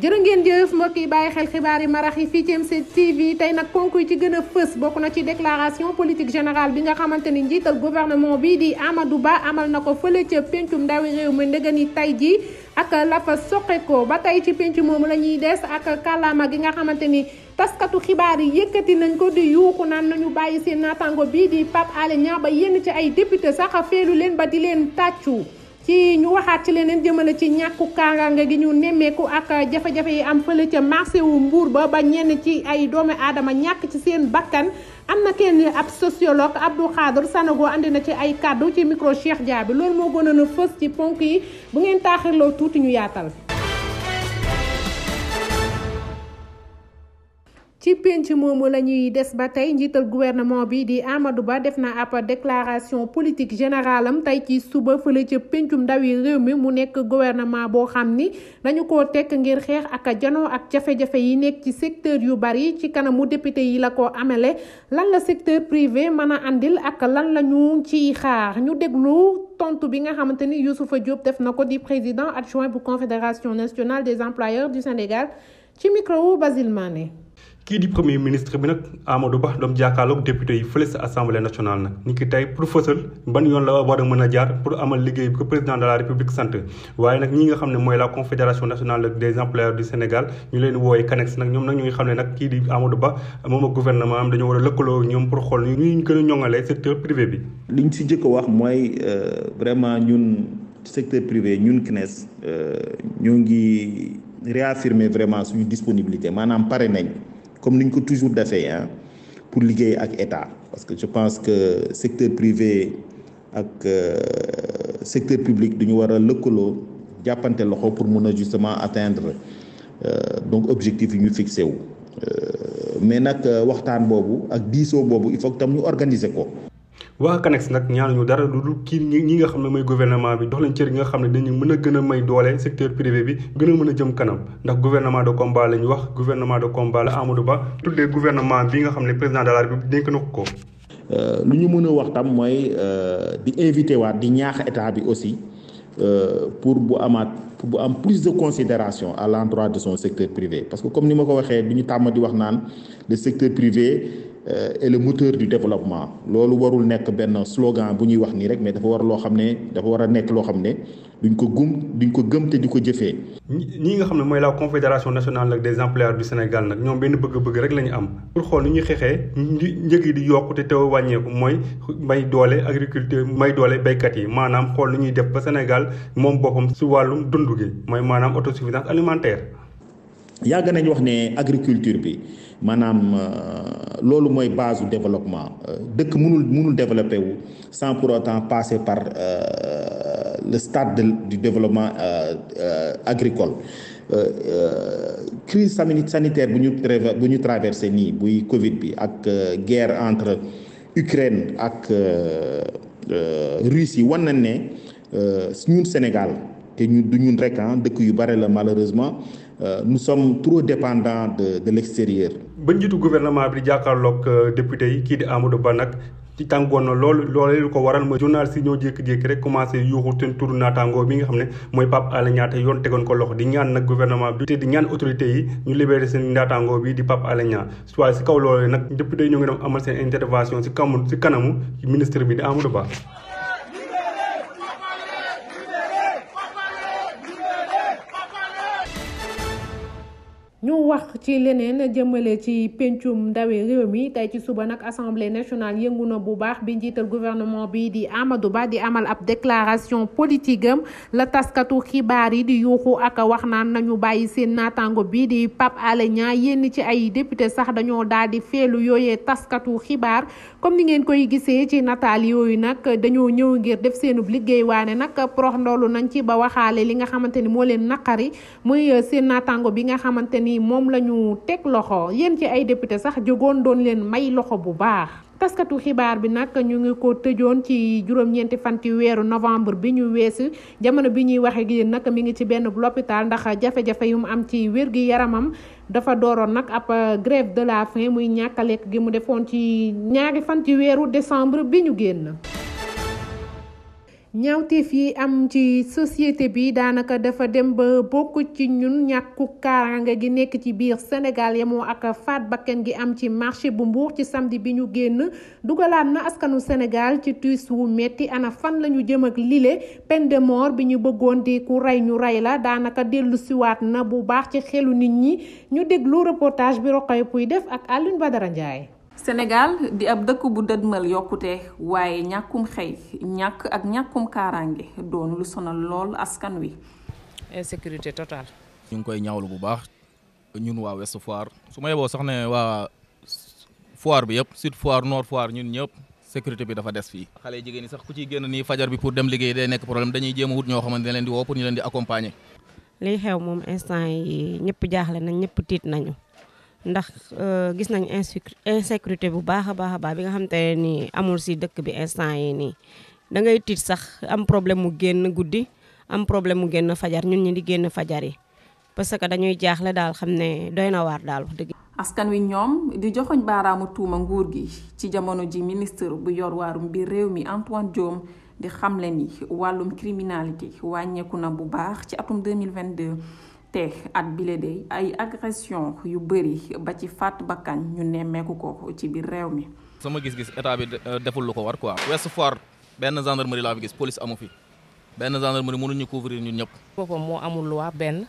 jërë ngeen fu mbokk yi bàyyi xel xibaar yi marax yi fii ci M7 TV tey nag ponk yi ci gën a fës bokk na ci déclaration politique général bi nga xamante ni njiital gouvernement bi di Amadou Ba amal na ko fële ca pencum ndawi réew mi ndëgën yi tey jii ak la fa soqeekoo ba tey ci penc moomu la ñuy des ak kàllaama gi nga xamante ni taskatu xibaar yi yëkkati nañ ko di yuuxu naan nañu bàyyi seen naataango bi di Pape Alé Niang ba yenn ci ay député sax feelu leen ba di leen tàccu. ci ñu waxaat ci leneen jëmale ci ñàkku kaaraange gi ñu nemmeeku ak jafe-jafe yi am fële ca marché wu mbuur ba ba ñenn ci ay doomi aadama ñàkk ci seen bakkan am na kenn ab sociologue Abdou Khadre Sanogo andi na ci ay kàddu ci micro Cheikh Dia bi loolu moo gënoon a fës ci ponk yi bu ngeen taaxirloo tuuti ñu yaatal. ci penc moomu la ñuy des ba tey njiital gouvernement bi di Amadou Ba def na ab déclaration politique générale am tey ci suba fële ca pencum ndawi réew mi mu nekk gouvernement boo xam ni dañu ko tekk ngir xeex ak janoo ak jafe-jafe yi nekk ci secteur yu bari ci kanamu député yi la ko amele lan la secteur privé mën a indil ak lan la ñu ciy xaar ñu déglu tontu bi nga xamante ni Youssoufa Diop def na ko di président adjoint bu confédération nationale des employeurs du Sénégal ci micro wu Basile Mané kii di premier ministre bi nag Amadou Ba doom jàkkaarloog député yi fële sa assemblée nationale nag ni ki tey pour fësal ban yoon la war a mën a jaar pour amal liggéey bi ko président de la république sant waaye nag ñi nga xam ne mooy la confédération nationale des employeurs du Sénégal ñu leen wooye CANEX nag ñoom nag ñu ngi xam ne nag kii di Amadou Ba moom ak gouvernement am dañoo war a lëkkaloo ñoom pour xool ñu gën a ñoŋalee secteur privé bi liñ si jëkk mooy euh, vraiment ñun secteur privé ñun CNES euh, ñoo ngi réaffirmer vraiment suñu disponibilité maanaam pare nañ comme niñ ko toujours defee ah pour liggéey ak état parce que je pense que secteur privé ak euh, secteur public duñu ñu war a lëkkaloo jàppante loxo pour mun a justement atteindre euh, donc objectif yi ñu fixé wu euh, mais nag waxtaan boobu ak diisoo boobu il faut que tam ñu organiser ko. waa CANEX nag ñaanuñu dara lu dul kii ñi nga xam ne mooy gouvernement bi dox leen cër gi nga xam ne dañu mën a gën a may doole secteur privé bi gën a mën a jëm kanam ndax gouvernement de combat la ñu wax gouvernement de combat la Amadou Ba tuddee bi nga xam ne président de la République dénk euh, lu ñu mën a wax tam mooy euh, di invité waat di ñaax état bi aussi euh, pour bu amaat pour bu am plus de considération à l'endroit de son secteur privé parce que comme ni ma ko waxee bi ñu tàmm di wax naan le secteur privé. Euh, est le moteur du loolu warul nekk benn slogan bu ñuy wax nii rek mais dafa war loo xam ne dafa war a nekk loo xam ne duñ ko gum duñ ko gëm te di ko jëfee. ñi nga xam ne mooy la confédération nationale nag des employeurs bu Sénégal nag ñoom benn bëgg-bëgg rek lañu am pour xool nu ñuy xeexee njëg yi di yokkute te wàññeeku mooy may doole agriculture may doole béykat yi maanaam xool nu ñuy def ba Sénégal moom boppam si wàllum dund gi mooy maanaam autosuffisance alimentaire. yàgg nañu wax ne agriculture bi maanaam euh, loolu mooy base du développement euh, dëkk mënul mënul développé wu sans pour autant passer par euh, le stade du développement agricole crise sanitaire bu ñu bu ñu traversé nii buy Covid bi ak guerre entre Ukraine ak Russie wan nañ ne ñun Sénégal te ñun du ñun rek ah dëkk yu bare la malheureusement Euh, nous sommes trop dépendants de de l'extérieur. ba njiitu gouvernement bi di jàkkaarloog euh, député yi kii di Amadou Ba nag ci tàngoon na loolu loolee lu ko waral mooy journaliste si ñoo jékki-jékki rek commencé yuuxu seen turu naataangoo bi nga xam ne mooy Pape Alé Niang te yoon tegoon ko loxo di ñaan nag gouvernement bi te di ñaan autorité yi ñu libéré seen naataangoo bi di Pape Alé Niang waaye si kaw loolee nag député yi ñoo ngi dem amal seen intervention si kamu si kanamu ministre bi di Amadou Ba. ñu wax ci leneen jëmale ci pencum ndawi réew mi tey ci suba nag assemblée nationale yëngu na bu baax bi njiital gouvernement bi di amadu Ba di amal ab déclaration politique am la taskatu xibaar yi di yuuxu ak wax naan nañu bàyyi seen naataango bi di Pape Alé Niang yenn ci ay député sax dañoo daal di feelu yooyee taskatu xibaar comme ni ngeen koy gisee ci nataal yooyu nag dañoo ñëw ngir def seenub liggéey waane nag prox ndoolu nañ ci ba waxaale li nga xamante ni moo leen naqari muy euh, seen naataango bi nga xamante nii moom la ñu teg loxo yéen ci ay député sax jógoon doon leen may loxo bu baax taskatu xibaar bi nag ñu ngi ko tëjoon ci juróom-ñeenti fan ci weeru novembre bi ñu weesu jamono bi ñuy waxe gi nag mi ngi ci benn lopitaal ndax jafe-jafe yu mu am ci wér-gi-yaramam dafa dooroon nag ab euh, grève de la faim muy ñàkk a lekk gi mu defoon ci ñaari fan ci weeru décembre bi ñu génn ñaawteef yi am ci société bi daanaka dafa dem ba bokk ci ñun ñàkku kaaraange gi nekk ci biir Sénégal yemoo ak faat bakken gi am ci marché bu mbuur ci samedi bi ñu génn dugalaat na askanu Sénégal ci tiis wu metti ana fan la ñu jëm ak lile peine de mort bi ñu bëggoon di ku rey ñu rey la daanaka dellu siwaat na bu baax ci xelu nit ñi ñu déglu reportage bi Rokhaya Pouye def ak Alioune Badara Ndiaye Sénégal di ab dëkk bu dëdmal yokkute waaye ñàkkum xëy ñàkk ak ñàkkum kaaraange doon lu sonal lool askan wi. sécurité total ñu ngi koy ñaawlu bu baax ñun waa Ouest Foire su ma yeboo sax ne waa foire bi yëpp Sud Foire noor Foire ñun ñëpp sécurité bi dafa des fii. xale jigéen ñi sax ku ci génn nii fajar bi pour dem liggéey day nekk problème dañuy jéem a wut ñoo xamante ne leen di woo pour ñu leen di accompagner. liy xew moom instant yi ñëpp jaaxle nañ ñëpp ndax euh, gis nañ insécurité bu baax a baax a baax bi nga xam te nii amul si dëkk bi instant yi nii da ngay tiit sax am problème mu génn guddi am problème mu génn fajar ñun ñi di génn fajar yi parce que dañuy jaaxle daal xam ne doy na waar daal dëgg. askan wi ñoom di joxoñ baaraamu tuuma nguur gi ci jamono ji ministre bu yor waarum biir réew mi Antoine Diome di xamle ni wàllum criminalité wàññeeku na bu baax ci atum 2022 te at bile de ay agression yu bëri ba ci faat bakkan ñu nemmeeku ko ci biir réew mi. sama gis-gis état bi euh, deful lu ko war quoi. Ouest Foire benn gendarmerie laa fi gis police amu fi benn gendarmerie mënuñu couvrir ñun ñëpp. boppam moo amul lu waa benn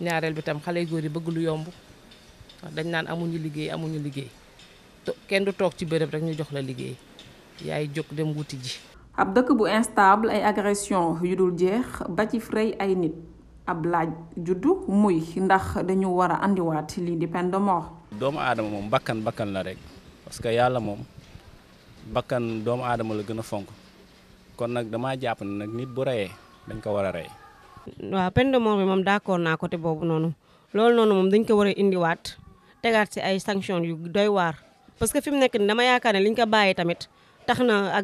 ñaareel bi tam xale góor yi bëgg lu yomb dañ naan amuñu liggéey amuñu liggéey kenn du toog ci béréb rek ñu jox la liggéey yaay jóg dem wuti ji. ab dëkk bu instable ay agression yu dul jeex ba ci rey ay nit. ab laaj juddu muy ndax dañu war a andiwaat lii di peine de mort. doomu aadama moom bakkan bakkan la rek parce que yàlla moom bakkan doomu aadama la gën a fonk kon nag damaa jàpp ne nag nit bu reyee dañ ko war a rey. waaw peine de mort bi moom d'accord naa côté boobu noonu loolu noonu moom dañ ko war indiwaat tegaat si ay sanctions yu doy waar parce que fi mu nekk nii dama yaakaar ne liñ ko bàyyi tamit tax na a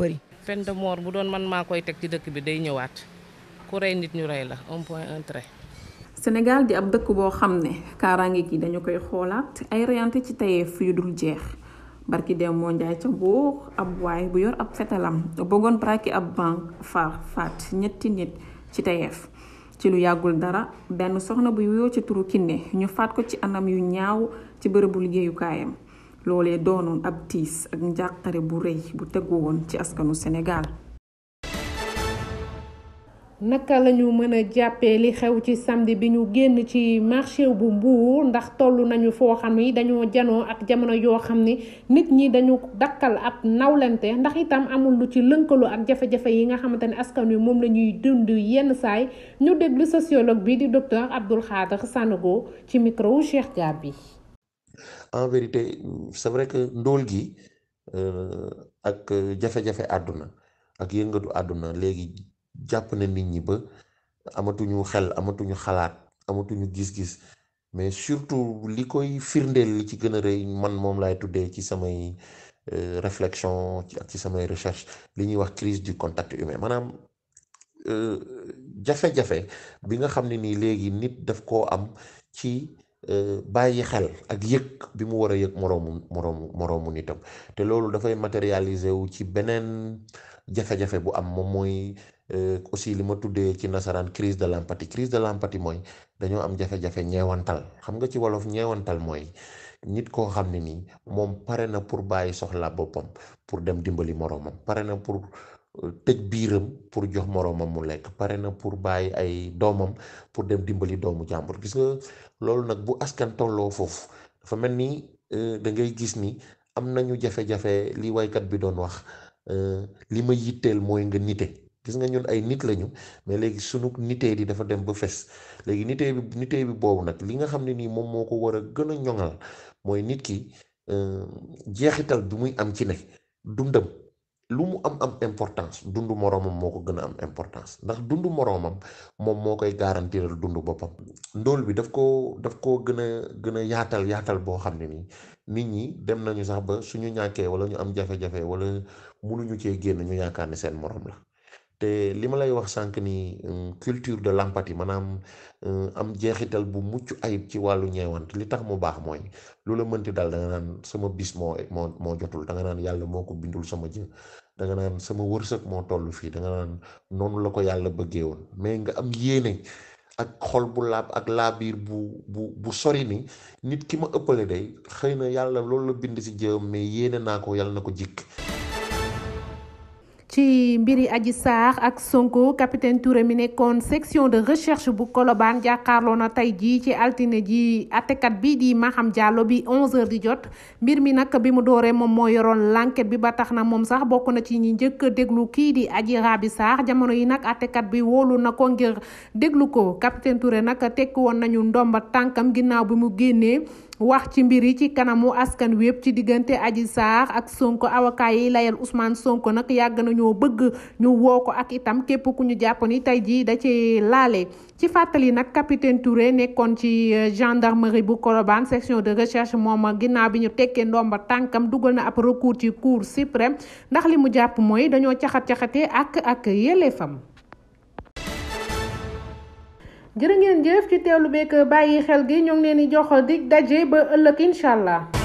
bëri. koy teg ci dëkk bi day ñëwaat. ku rey nit ñu rey la un point Sénégal di ab dëkk boo xam ne kaaraange gi dañu koy xoolaat ay reyante ci tayeef yu dul jeex barki dem moo njaay ca boo ab waay bu yor ab fetalam bëggoon braquer ab banque faat ñetti nit ci tayeef ci lu yàggul dara benn soxna bu wuyoo ci turu kinne ñu faat ko ci anam yu ñaaw ci bërëbu liggéeyukaayam loolee doonoon ab tiis ak njàqare bu rëy bu tegu woon ci askanu Sénégal naka lañu mën a jàppee li xew ci samdi bi ñu génn ci marché bu Mbour ndax toll nañu foo xam ni dañoo janoo ak jamono yoo xam ne nit ñi dañu dakkal ab nawlante ndax itam amul lu ci lënkaloo ak jafe yi nga xamante ne askan wi moom la ñuy dund yenn saay ñu déglu sociologue bi di docteur Abdoul Khadre Sanogo ci micro Cheikh Gabi. vérité c'est vrai que ndóol gi euh, ak jafe-jafe àdduna ak yëngatu àdduna léegi. jàpp na nit ñi ba amatuñu xel amatuñu xalaat amatuñu gis-gis mais surtout li koy firndeel li ci gën a rëy man moom laay tuddee ci samay euh, réflexion ak ci samay recherche li ñuy wax crise du contact humain maanaam euh, jafe-jafe bi nga xam ne nii léegi nit daf koo am ci euh, bàyyi xel ak yëg bi mu war a yëg moroomu moroomu moroomu nitam te loolu dafay matérialiser wu ci beneen jafe-jafe bu am moom mooy Euh, aussi li ma tuddee ci nasaraan crise de l'empathie crise de l'empathie mooy dañoo am jafe-jafe ñeewantal xam nga ci wolof ñeewantal mooy nit koo xam ne nii moom pare na pour bàyyi soxla boppam pour dem dimbali moroomam pare na pour euh, tëj biiram pour jox moroomam mu lekk pare na pour bàyyi ay doomam pour dem dimbali doomu jàmbur gis nga loolu nag bu askan tolloo foofu dafa mel ni euh, da ngay gis ni am nañu jafe-jafe li waykat bi doon wax li ma yitteel mooy nga nite gis nga ñun ay nit lañu mais léegi sunu nitee di dafa dem ba fes léegi nitee bi nitee bi boobu nag li nga xam ne nii moom moo ko war a gën a ñoŋal mooy nit ki euh, jeexital bi muy am ci ne dundam lu mu importance dundu moroomam moo ko gën a am importance ndax dundu moroomam moom moo koy garantiral dundu boppam. ndóol bi daf koo daf koo gën a gën a yaatal yaatal boo xam ne nii nit ñi dem nañu sax ba suñu ñàkkee wala ñu am jafe-jafe wala munuñu cee génn ñu yaakaar ne seen moroom la. te li ma lay wax sànq ni euh, culture de l'empathie maanaam euh, am jeexital bu mucc ayib ci wàllu ñeewant li tax mu baax mooy lu la mënti dal da nga naan sama bis moo moo moo jotul danga nga naan yàlla moo ko bindul sama jë da nga naan sama wërsëg moo toll fii da nga naan noonu la ko yàlla bëggee woon mais nga am yéene ak xol bu laab ak laabiir bu bu bu sori ni nit ki ma ëppale day xëy na yàlla loolu la bind si jëwam mais yéene naa ko yàlla na ko jikk ci mbir yi Adji saax ak Sonko capitaine Touré mi nekkoon section de recherche bu Colobane jàkkaarloo na tey jii ci altine ji attekat bi di Maham Diallo bi 11h di jot mbir mi nag bi mu dooree moom moo yoroon l'enquête bi ba tax na moom sax bokk na ci ñi njëkk a déglu kii di aji Rabi saax jamono yi nag attekat bi woolu na ko ngir déglu ko capitaine Touré nag tekki woon nañu ndomba tànkam ginnaaw bi mu génnee. wax ci mbir yi ci kanamu askan wépp ci diggante aji Sarr ak Sonko avocat yi layal Ousmane sonk nag yàgg nañoo bëgg ñu woo ko ak itam képp ku ñu jàppoon ni tey jii dacee laale ci fàttali nag capitaine ture nekkoon ci euh, gendarmerie bu Colobane section de recherche moom a ginnaaw bi ñu tekkee ndomba tànkam dugal na ab recours ci cour suprême ndax li mu jàpp mooy dañoo caxat-caxatee ak ak yelleefam jërë ngeen jëf ci teewlu beeg bàyyi xel gi ñoo ngi leen di jox dig daje ba ëllëg incha allah.